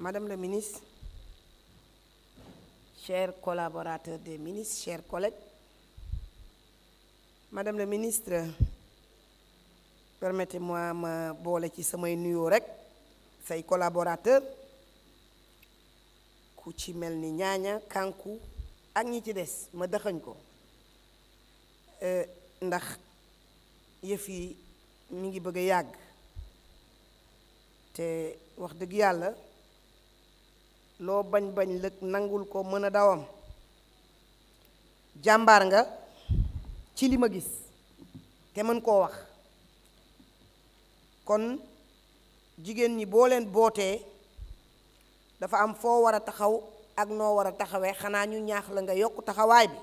Madame la ministre, chers collaborateurs des ministres, chers collègues, Madame la ministre, permettez-moi ma boole ci samay nuyoo rek say collaborateur ku ci mel ni ñaaña kànku ak ñi ci des ma dëxañ ko euh, ndax yëf yi mu ngi bëgg a yàgg te wax dëgg yàlla loo bañ bañ lëg nangul ko mën a dawam jàmbaar nga ci li ma gis te mën koo wax kon jigéen ñi boo leen bootee dafa am foo war a taxaw ak noo war a taxawee xanaa ñu ñaax la nga yokk taxawaay bi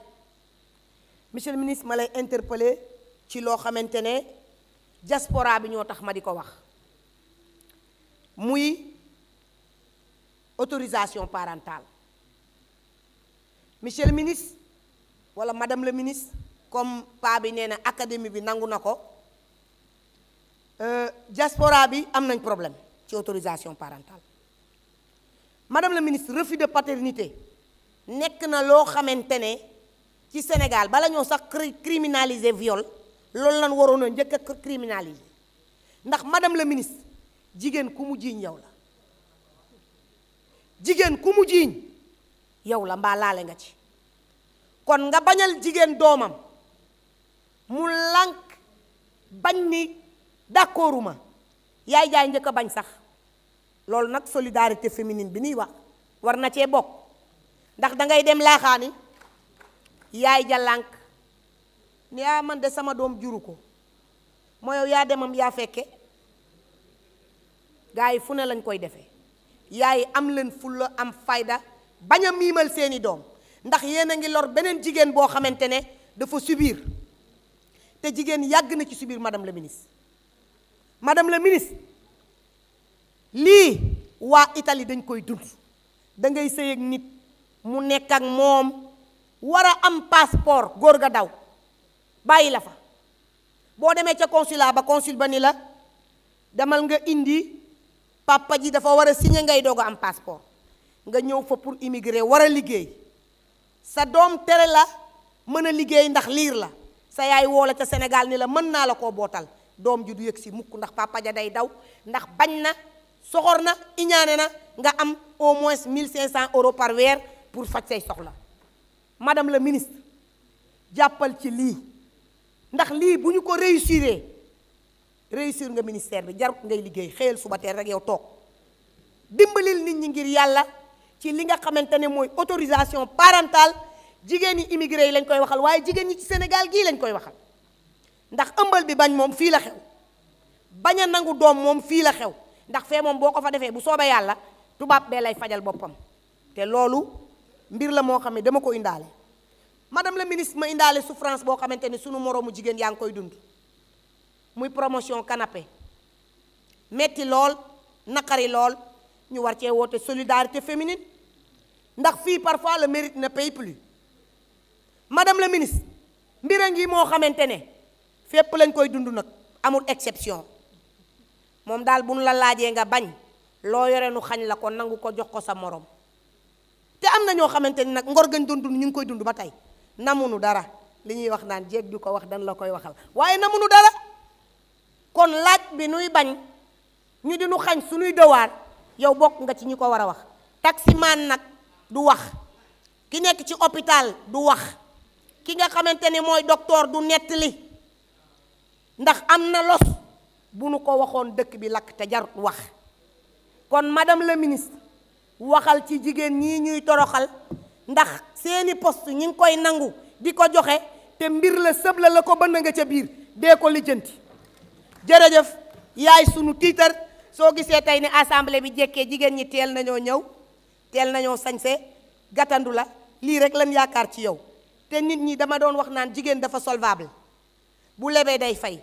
monsieur le ministre ma lay interpeller ci loo xamante ne diaspora bi ñoo tax ma di ko wax muy autorisation parentale monsieur le ministre wala madame la ministre comme pa bi nee na académie bi nangu na ko euh, diaspora bi am nañ problème ci autorisation parentale madame la ministre refus de paternité nekk na loo xamante ne ci Sénégal bala ñoo sax criminaliser viol loolu lan waroon a njëkk a criminaliser ndax madame la ministre jigéen ku mu jiiñ yow la jigéen ku mu jiiñ yow la mbaa laale nga ci kon nga bañal jigéen doomam mu lànk bañ ni d'accorduma yaay jaay njëkk a bañ sax loolu nag solidarité féminine bi nuy wax war na cee bokk ndax dangay dem laaxaani yaay ja lànk ni yaa ah, man de sama doom juru ko moo yow yaa demam yaa fekke gaa yi fu ne lañ koy defee yaay am leen fulla am fayda bañ a miimal seeni doom ndax yéen a ngi lor beneen jigéen boo xamante ne dafa subir te jigéen yàgg na ci subir madame la ministre madame la ministre lii waa Italie dañ koy dund dangay ngay sëy ak nit mu nekk ak moom war a am passeport góor ga daw bàyyi la fa boo demee ca consulat ba consul ba ni la demal nga indi papa ji dafa war a signé ngay doog a am passeport nga ñëw fa pour immigré war a liggéey sa doom tere la mën a liggéey ndax liir la sa yaay woo ca Sénégal ni la mën naa la koo bootal doom ji du yëg si mukk ndax papa ja day daw ndax bañ na soxor na iñaane na nga am au moins mille cinq cent euros par weer pour faj say soxla madame la ministre jàppal ci lii ndax lii bu ñu ko réussiree réussir nga ministère bi jarut ngay liggéey xëyal suba teel rek yow toog dimbalil nit ñi ngir yàlla ci li nga xamante ne mooy autorisation parental jigéen ñi immigré yi lañ koy waxal waaye jigéen ñi ci Sénégal gii lañ koy waxal ndax ëmbal bi bañ moom fii la xew bañ a nangu doom moom fii la xew ndax fee moom boo ko fa defee bu soobee yàlla tubaab bee lay fajal boppam te loolu mbir la moo xam ne dama ko indaale madame la ministre ma indaale souffrance boo xamante ne sunu moroomu jigéen yaa ngi koy dund. muy promotion canapé metti lool naqari lool ñu war cee woote solidarité féminine ndax fii parfois la mérite na paie plus madame la ministre mbir a ngi moo xamante ne fépp lañ koy dund nag amul exception moom daal bu nu la laajee nga bañ loo yore nu xañ la ko nangu ko jox ko sa moroom te am na ñoo xamante ni nag ngor gañ doon dund ñu ngi koy dund ba tey na namunu dara li ñuy wax naan jéeg du ko wax dan la koy waxal waaye namunu dara. kon laaj bi nuy bañ ñu di nu xañ suñuy devoir yow bokk nga ci ñi ko war a wax taximaan nag du wax ki nekk ci hôpital du wax ki nga xamante ni mooy docteur du li ndax am na los bu nu ko waxoon dëkk bi lakk te jarut wax kon madame la ministre waxal ci jigéen ñii ñuy toroxal ndax seeni poste ñi ngi koy nangu di ko joxe te mbir la sëb la la ko bënn nga ca biir dee ko lijjanti jërëjëf yaay sunu tiitar soo gisee tey ne assemblée bi jekkee jigéen ñi teel nañoo ñëw teel nañoo sañse gàttandu la lii rek lan yaakaar ci yow te nit ñi dama doon wax naan jigéen dafa solvable bu lebee day fay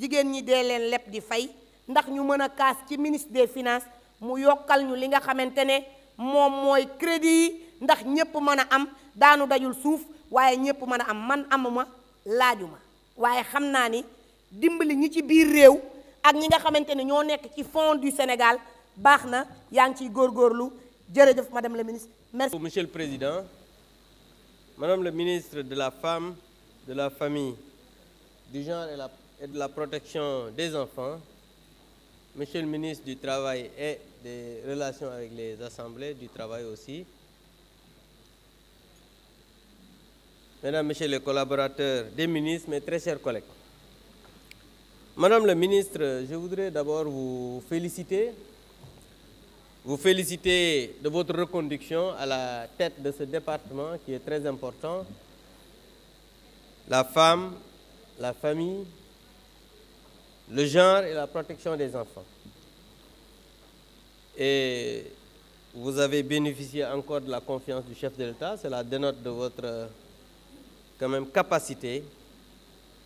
jigéen ñi dee leen leb di fay ndax ñu mën a kaas ci ministre des finances mu yokkal ñu li nga xamante ne moom mooy crédit yi ndax ñépp mën a am daanu dajul suuf waaye ñépp mën a am man amuma laajuma waaye xam naa ni dimbali ñi ci biir réew ak ñi nga xamante ne ñoo nekk ci fond du Sénégal baax na yaa ngi ciy góorgóorlu jërëjëf madame la ministre merci. monsieur président madame la ministre de la femme de la famille du genre et la et de la protection des enfants monsieur le ministre du travail et des relations avec les assemblées du travail aussi mesdames messieurs les collaborateurs des ministres mais très chers collègues Madame la ministre, je voudrais d'abord vous féliciter, vous féliciter de votre reconduction à la tête de ce département qui est très important. La femme, la famille, le genre et la protection des enfants. Et vous avez bénéficié encore de la confiance du chef de l'État, la dénote de votre quand capacité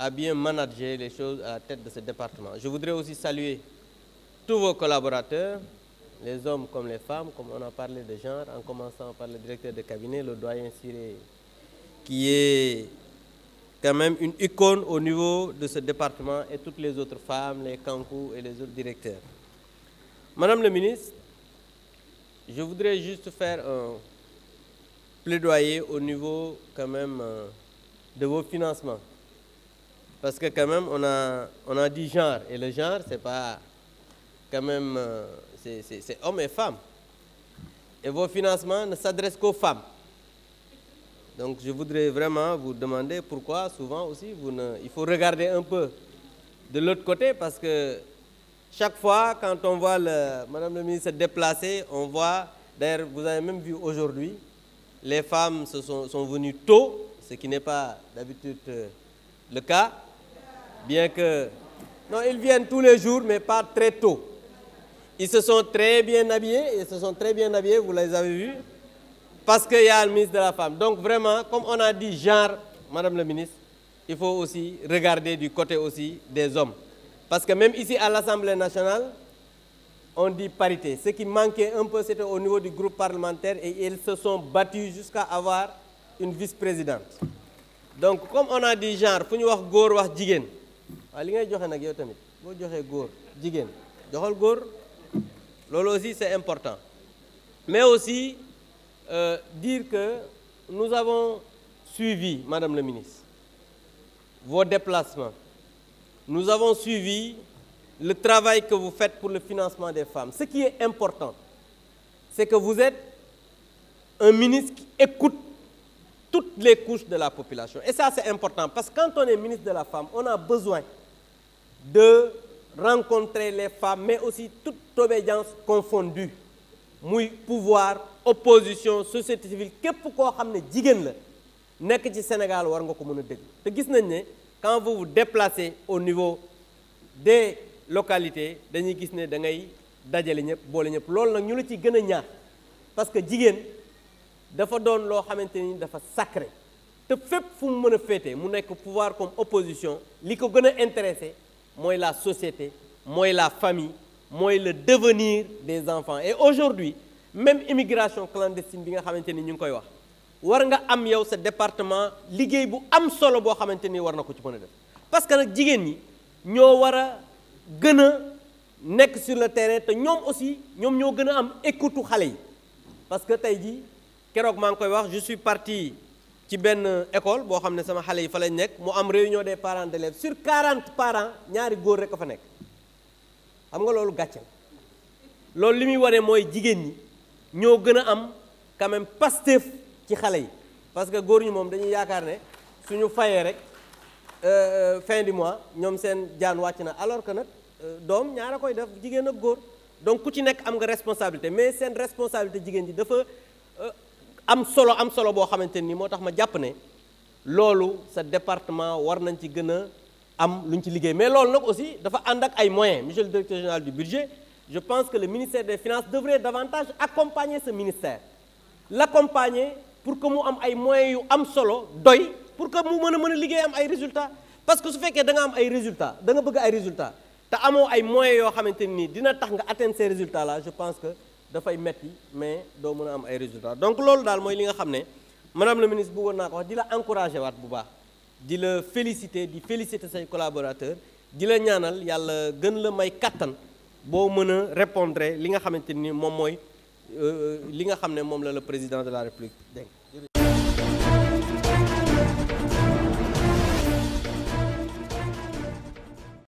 à bien manager les choses à la de ce département. Je voudrais aussi saluer tous vos collaborateurs, les hommes comme les femmes, comme on a parlé de genre, en commençant par le directeur de cabinet, le doyen Siré, qui est même une icône au niveau de ce département et toutes les autres femmes, les Kankou et les autres directeurs. Madame la ministre, je voudrais juste faire un plaidoyer au niveau quand même euh, de vos financements. Parce que quand même, on a, on a dit genre, et le genre, c'est pas quand même, euh, c'est hommes et femmes. Et vos financements ne s'adressent qu'aux femmes. Donc je voudrais vraiment vous demander pourquoi souvent aussi, vous ne, il faut regarder un peu de l'autre côté parce que chaque fois quand on voit le, Madame le ministre se déplacer, on voit, d'ailleurs vous avez même vu aujourd'hui, les femmes se sont, sont venues tôt, ce qui n'est pas d'habitude euh, le cas. Bien que... Non, ils viennent tous les jours, mais pas très tôt. Ils se sont très bien habillés, ils très bien habillés, vous les avez vus, parce qu'il y a le ministre de la Femme. Donc vraiment, comme on a dit genre, Madame le ministre, il faut aussi regarder du côté aussi des hommes. Parce que même ici à l'Assemblée nationale, on dit parité. Ce qui manquait un peu, c'était au niveau du groupe parlementaire et ils se sont battus jusqu'à avoir une vice-présidente. Donc comme on a dit genre, il faut nous dire waaw li ngay joxe nag yo tamit boo joxee góor jigéen joxal góor loolu aussi c'est important mais aussi euh, dire que nous avons suivi madame la ministre vos déplacements nous avons suivi le travail que vous faites pour le financement des femmes ce qui est important c'est que vous êtes un ministre qui écoute toutes les couches de la population et ça c'est important parce que quand on est ministre de la femme on a besoin de rencontrer les femmes mais aussi toute obédience confondue muy pouvoir opposition société civile képp koo xam ne jigéen la nekk ci Sénégal war nga ko mën a dégg te gis nañ ne quand vous vous au niveau des localité dañuy gis ne da ngay dajale ñëpp boole ñëpp loolu nag ñu la ci gën a ñaar parce que jigéen dafa doon loo xamante ni dafa sacré te fépp fu mu mën a féete mu nekk pouvoir comme opposition li ko gën a intéressé mooy la société mooy la famille mooy le devenir des enfants et aujourd'hui même immigration clandestine bi nga xamante ni ñu ngi koy wax war nga am yow sa département liggéey bu am solo boo xamante ni war na ko ci mën a def parce que nag jigéen ñi ñoo war a gën a nekk sur le terrain te ñoom aussi ñoom ñoo gën a am écoute xale yi parce que tey jii keroog maa ngi koy wax je suis parti ci benn école boo xam ne sama xale yi fa lañ nekk mu am réunion des parents d'élèves sur 40 parents ñaari góor rek a fa nekk xam nga loolu gàcce loolu li muy waree mooy jigéen ñi ñoo gën a am quand même Pastef ci xale yi parce que góor ñi moom dañuy yaakaar ne suñu fayee rek euh, euh, fin du mois ñoom seen jaan wàcc na alors que nag euh, doom ñaara koy def jigéen ak góor donc ku ci nekk am nga responsabilité mais seen responsabilité jigéen ji dafa am solo am solo boo xamante nii moo tax ma jàpp ne loolu sa département war nañ ci gën a am lu ñu ci liggéey mais loolu nag aussi dafa ànd ak ay moyens monsieur le directeur général du budget je pense que le ministère des finances devrait davantage accompagner ce ministère l'accompagner pour que mu am ay moyens yu am solo doy pour que mu mën a mën a liggéey am ay résultats parce que su fekkee da am ay résultat da bëgg ay résultat te amoo ay moyens yoo xamante ni dina tax nga atteindre ces résultats je pense que dafay metti mais doo mën a am ay résultats donc loolu daal mooy li nga xam ne madame la ministre bëggoon naa ko wax di la encouragé waat bu baax di la félicité di félicité say collaborateurs di la ñaanal yàlla gën la may kattan boo mën a répondre li nga xamante ni moom mooy euh, li nga xam ne moom la le président de la république dénk